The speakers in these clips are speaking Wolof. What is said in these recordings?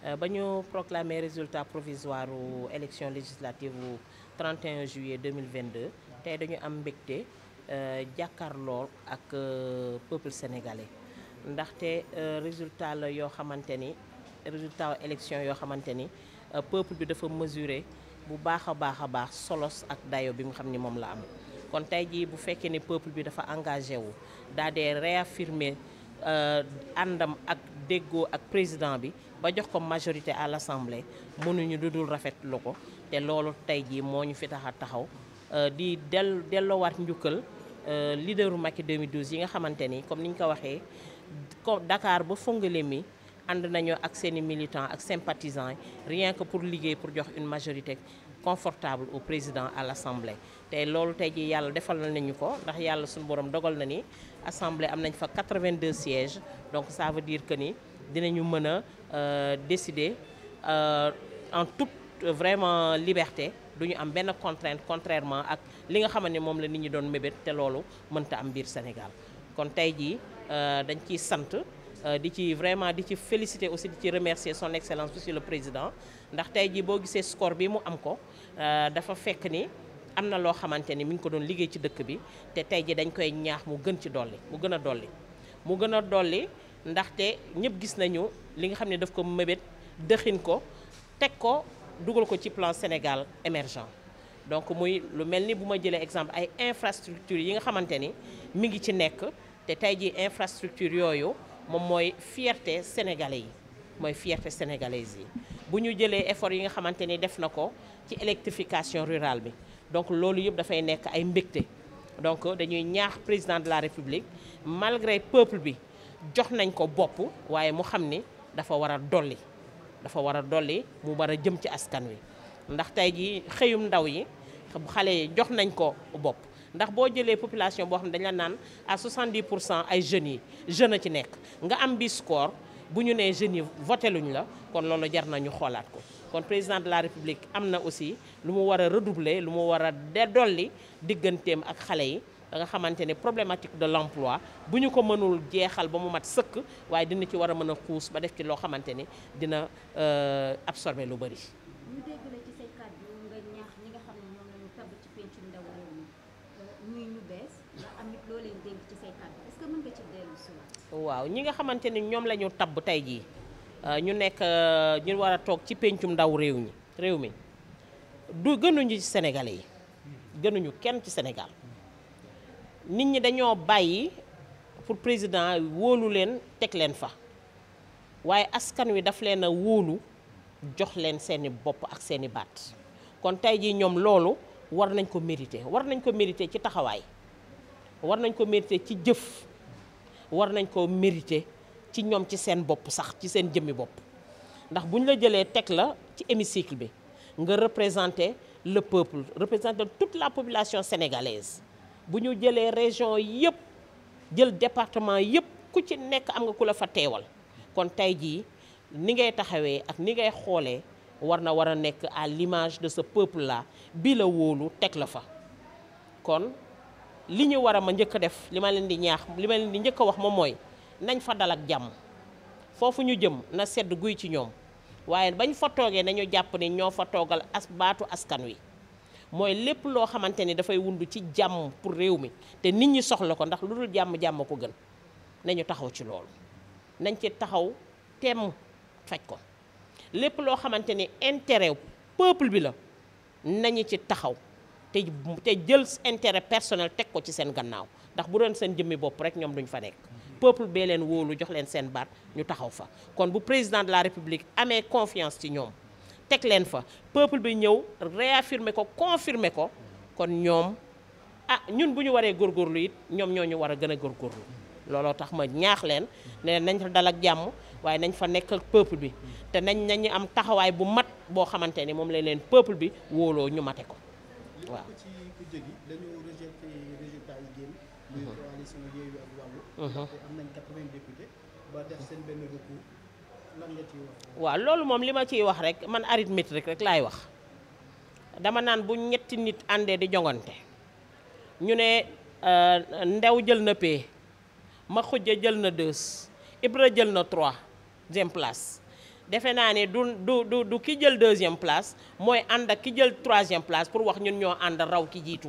Euh, ba proclamer résultat provisoire u élection législative du 31 juillet 2022 tey dañu am mbégte euh, jàkkaarloo ak euh, peuple sénégalais ndaxte résultat la yoo xamante ni résultat élection yoo xamante peuple bi dafa mesurer bu baax a baax solos ak dayo bi nga xam ni la am kon tey jii bu fekkee ne peuple bi dafa engagé wu daa dee réaffirmer andam ak déggoo ak président bi ba jox ko majorité à l'Assemblée mënuñu dudul rafetlu ko te loolu tey jii moo ñu fi taxa taxaw euh di del ñukkel euh leaderu Macky 2012 yi nga xamanteni comme niñ ko waxé Dakar bu fongale mi and nañoo ak seeni militants ak sympathisants rien que pour liguer pour jox une majorité confortable au président à l'assemblée te lolu tay ji yalla defal nañu ko ndax yalla suñu borom dogal na ni assemblée am nañ fa 82 sièges donc ça veut dire que ni dinañu mën euh décider euh, en toute euh, vraiment liberté duñu am ben contrainte contrairement ak li nga xam mom la nit ñi doon mébét te loolu mënta am biir Sénégal kon ji euh dañ ci sante euh, di ci vraiment di ci féliciter aussi di ci remercier son excellence monsieur le président ndax tey jii boo gisee score bi mu am ko euh, dafa fekk ni amna lo xamanteni xamante mi ngi ko doon liggéey ci dëkk bi té tey ji dañ koy ñaax mu gën ci dolli mu gëna dolli mu gëna dolli ndax té ñëpp gis nañu li nga xamné ne daf ko mébét dëxin ko teg ko dugal ko ci plan Sénégal émergent donc muy lu melni buma jëlé exemple ay infrastructure yi nga xamanteni ni mi ngi ci nekk té tey ji infrastructure yo moom mooy fierté sénégalais yi mooy fierté sénégalaise yi bu ñu jëlee effort yi nga xamante def nako ci électrification rurale bi donc loolu yëpp fay nekk ay mbégte donc dañuy ñaax président de la république malgré peuple bi jox nañ ko bop waaye mu xam dafa wara doli dafa wara doli mu wara jëm ci askan wi ndax tey jii ndaw yi xale yi jox nañ ko bop ndax bo jëlé population bo xam dañ la naan à 70 ay jeunes yi jeune ci nekk nga am bi score bu ñu nee jeunes yi voté luñ la kon loolu jar na ñu ko kon président de la république amna aussi lu mu war redoubler lu mu war a dolli digganteem ak xalé yi da nga xamante problématique de l'emploi buñu ko mënul jéxal ba mu mat sëkk waye dina ci wara mëna mën ba def ci lo xamante dina euh absorber lu bari waaw ñi nga xamante ni ñoom la ñu tabb tey jii euh, ñu nekk euh, ñu war a toog ci péncum ndaw réew ñi réew mi du gënuñu ci Sénégalais yi gënuñu kenn ci senegal nit ñi dañoo bàyyi pour président wóolu leen teg leen fa waaye askan wi daf leen a wóolu jox leen seeni bopp ak seeni baat kon tey jii ñoom loolu war nañ ko mérité war nañ ko mérité ci taxawaay war nañ ko mérité ci jëf war nañ mérité ci ñom ci seen bop sax ci seen bop ndax le peuple représenter toute la population sénégalaise buñu jëlé région yépp jël département yépp ku ci nekk am nga kula fa téwal kon tey ni ngay ak ni ngay xolé war na à l'image de ce peuple là bi la la fa kon li ñu war a ma njëkk a def li ma leen di ñaax li ma leen di njëkk a wax moom mooy nañ fa dal ak jàmm foofu ñu jëm na sedd guy ci ñoom waaye bañ fa toogee nañu jàpp ni ñoo fa toogal as baatu askan wi mooy lépp loo xamante ni dafay wund ci jàmm pour réew mi te nit ñi soxla ko ndax lu dul jàmm jàmm ko gën nañu taxaw ci loolu nañ ci taxaw temm faj ko lépp loo xamante ni intérêt peuple bi la nañu ci taxaw te te jël intéret personnel teg ko ci seen gannaaw ndax bu doon seen jëmmi bopp rek ñoom duñ fa nekk peuple bee leen wóolu jox leen seen baat ñu taxaw fa kon bu président de la république amee confiance ci ñoom teg leen fa peuple bi ñëw réaffirmer ko confirmer ko kon ñoom ah ñun bu ñu waree góor góorlu it ñoom ñoo ñu war a gën a góor góorlu looloo tax ma ñaax leen ne nañ fa dal ak jàmm waaye nañ fa nekk ak peuple bi te nañ nañu am taxawaay bu mat boo xamante ni moom lañ leen peuple bi wóoloo ñu mate ko waaw uh-huh. uh-huh. waaw loolu moom li ma ciy wax rek man arithmétique rek laay wax dama naan bu ñetti nit àndee di jongante ñu ne euh, ndew jël na pee ma xujja jël na deux Ibra jël na troisième place. defe naa du du du ki jël deuxième place moy and ak ki jël troisième place pour wax ñun ño and raw ki jitu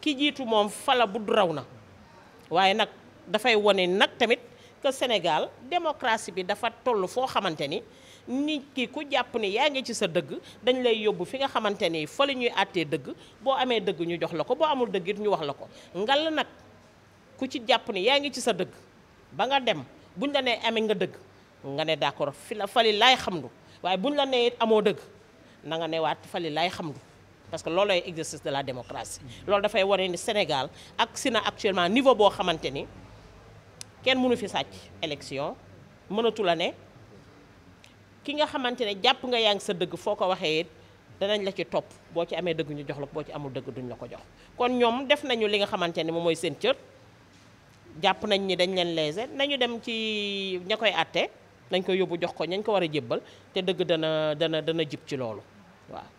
ki jiitu moom fala bu raw na nak da fay woné nak tamit que Sénégal démocratie bi dafa toll fo xamanteni ni nit ki ku japp ni ya nga ci sa deug dañ lay yobbu fi nga xamanteni fa la ñuy atté deug bo amé deug ñu jox la ko boo amul deug it ñu wax la ko ngal nak ku ci japp ni ya nga ci sa deug ba nga dem buñ la né amé nga deug nga ne d'accord fi la fali laay xamdu waaye bu ñu la nee amoo dëgg nanga ne waat fali laay xamdu parce que loolooy exercice de la démocratie loolu dafay wane ni Sénégal ak si na actuellement niveau boo xamante ni kenn mënu fi sàcc élection mënatu la ne ki nga xamante ne jàpp nga yaa ngi sa dëgg foo ko waxee it danañ la ci topp boo ci amee dëgg ñu jox la boo ci amul dëgg duñ la ko jox kon ñoom def nañu li nga xamante ni moom mooy seen cër jàpp nañ ni nañu dem ci ña koy dañ koy yóbbu jox ko ñañ ko war a jébbal te dëgg dana dana dana jib ci loolu waaw